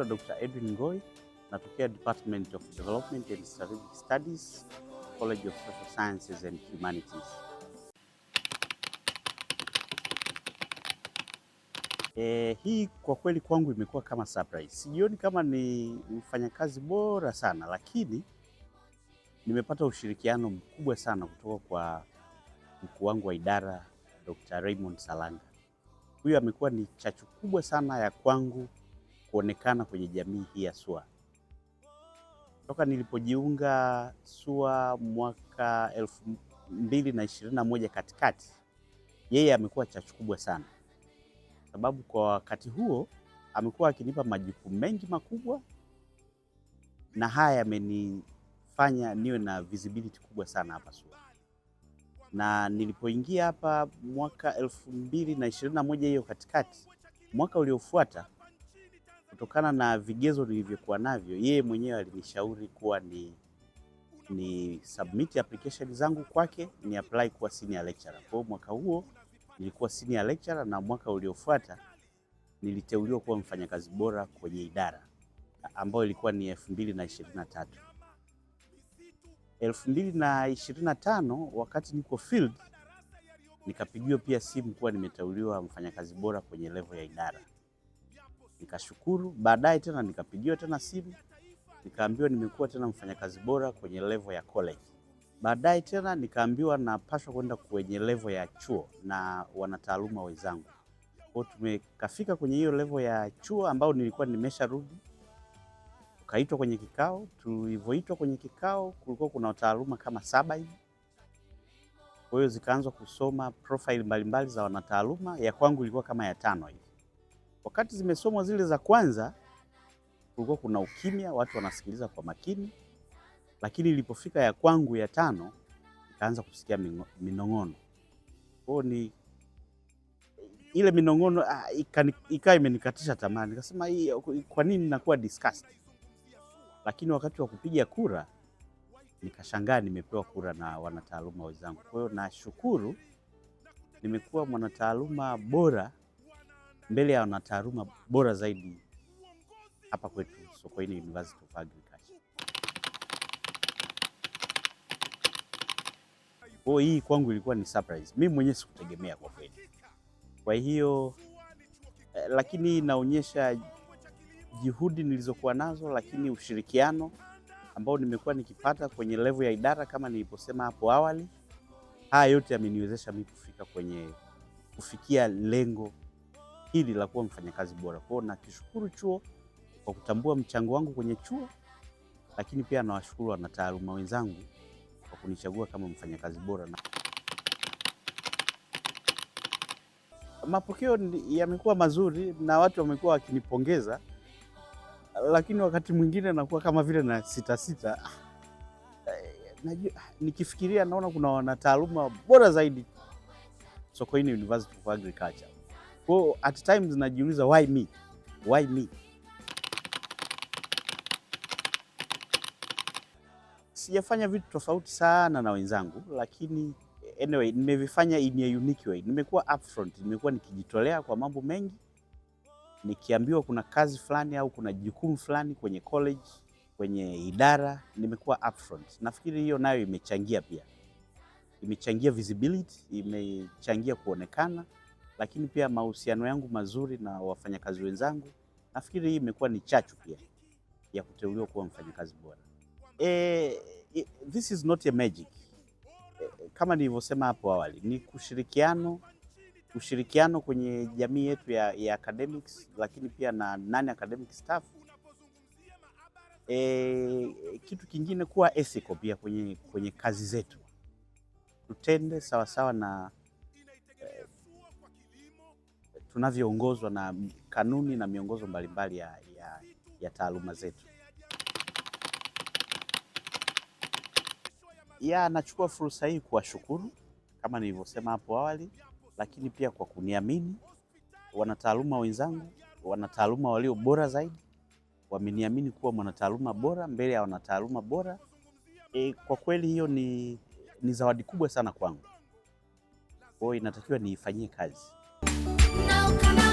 Naitwa Dr. Edwin Ngoy, natokea Department of Development and Strategic Studies, College of Social Sciences and Humanities. E, hii kwa kweli kwangu imekuwa kama surprise. Sijioni kama ni mfanyakazi bora sana, lakini nimepata ushirikiano mkubwa sana kutoka kwa mkuu wangu wa idara Dr. Raymond Salanga. Huyu amekuwa ni chachu kubwa sana ya kwangu kuonekana kwenye jamii hii ya SUA. Toka nilipojiunga SUA mwaka elfu mbili na ishirini na moja katikati, yeye amekuwa chachu kubwa sana, sababu kwa wakati huo amekuwa akinipa majukumu mengi makubwa, na haya yamenifanya niwe na visibility kubwa sana hapa SUA. Na nilipoingia hapa mwaka elfu mbili na ishirini na moja hiyo katikati, mwaka uliofuata kutokana na vigezo nilivyokuwa navyo, yeye mwenyewe alinishauri kuwa ni ni submit application zangu kwake ni apply kuwa senior lecturer. Kwa mwaka huo nilikuwa senior lecturer na mwaka uliofuata niliteuliwa kuwa mfanyakazi bora kwenye idara ambayo ilikuwa ni 2023. 2025 wakati niko field nikapigiwa pia simu kuwa nimeteuliwa mfanyakazi bora kwenye level ya idara nikashukuru. Baadaye tena nikapigiwa tena simu nikaambiwa nimekuwa tena mfanyakazi bora kwenye levo ya college. Baadaye tena nikaambiwa napaswa kwenda kwenye levo ya chuo na wanataaluma wenzangu. Kwa tumekafika kwenye hiyo levo ya chuo ambao nilikuwa nimesharudi, tukaitwa kwenye kikao. Tulivyoitwa kwenye kikao, kulikuwa kuna wataaluma kama saba hivi. Kwa hiyo zikaanza kusoma profile mbalimbali za wanataaluma, ya kwangu ilikuwa kama ya tano hivi. Wakati zimesomwa zile za kwanza, kulikuwa kuna ukimya, watu wanasikiliza kwa makini, lakini ilipofika ya kwangu ya tano, nikaanza kusikia minong'ono. Kwao ni ile minong'ono ah, ikawa imenikatisha tamaa, nikasema hii, kwa nini nakuwa disgusted? Lakini wakati wa kupiga kura nikashangaa nimepewa kura na wanataaluma wenzangu. Kwa hiyo nashukuru nimekuwa mwanataaluma bora mbele ya wanataaluma bora zaidi hapa kwetu Sokoine University of Agriculture. Kwa hii kwangu ilikuwa ni surprise. Mimi mwenyewe sikutegemea kwa kweli. Kwa hiyo eh, lakini inaonyesha juhudi nilizokuwa nazo, lakini ushirikiano ambao nimekuwa nikipata kwenye level ya idara kama niliposema hapo awali, haya yote yameniwezesha mimi kufika kwenye kufikia lengo hili la kuwa mfanyakazi bora. Kwa hiyo nakishukuru chuo kwa kutambua mchango wangu kwenye chuo, lakini pia nawashukuru wanataaluma wenzangu kwa kunichagua kama mfanyakazi bora. Na mapokeo yamekuwa mazuri na watu wamekuwa wakinipongeza, lakini wakati mwingine nakuwa kama vile na sita sita eh, Najua, nikifikiria naona kuna wanataaluma bora zaidi Sokoine University of Agriculture. Kwa hiyo at times najiuliza why me? Why me? Sijafanya vitu tofauti sana na wenzangu, lakini anyway nimevifanya in a unique way. Nimekuwa upfront, nimekuwa nikijitolea kwa mambo mengi. Nikiambiwa kuna kazi fulani au kuna jukumu fulani kwenye college, kwenye idara, nimekuwa upfront. Nafikiri hiyo nayo imechangia pia, imechangia visibility, imechangia kuonekana lakini pia mahusiano yangu mazuri na wafanyakazi wenzangu. Nafikiri hii imekuwa ni chachu pia ya kuteuliwa kuwa mfanyakazi bora. E, e, this is not a magic. E, kama nilivyosema hapo awali ni kushirikiano, ushirikiano kwenye jamii yetu ya, ya academics lakini pia na non academic staff. E, kitu kingine kuwa ethical pia kwenye, kwenye kazi zetu tutende sawasawa na tunavyoongozwa na kanuni na miongozo mbalimbali ya, ya, ya taaluma zetu. ya nachukua fursa hii kuwashukuru kama nilivyosema hapo awali, lakini pia kwa kuniamini wanataaluma wenzangu, wanataaluma walio bora zaidi wameniamini kuwa mwanataaluma bora mbele ya wanataaluma bora. E, kwa kweli hiyo ni, ni zawadi kubwa sana kwangu. Kwa hiyo inatakiwa niifanyie kazi. boca não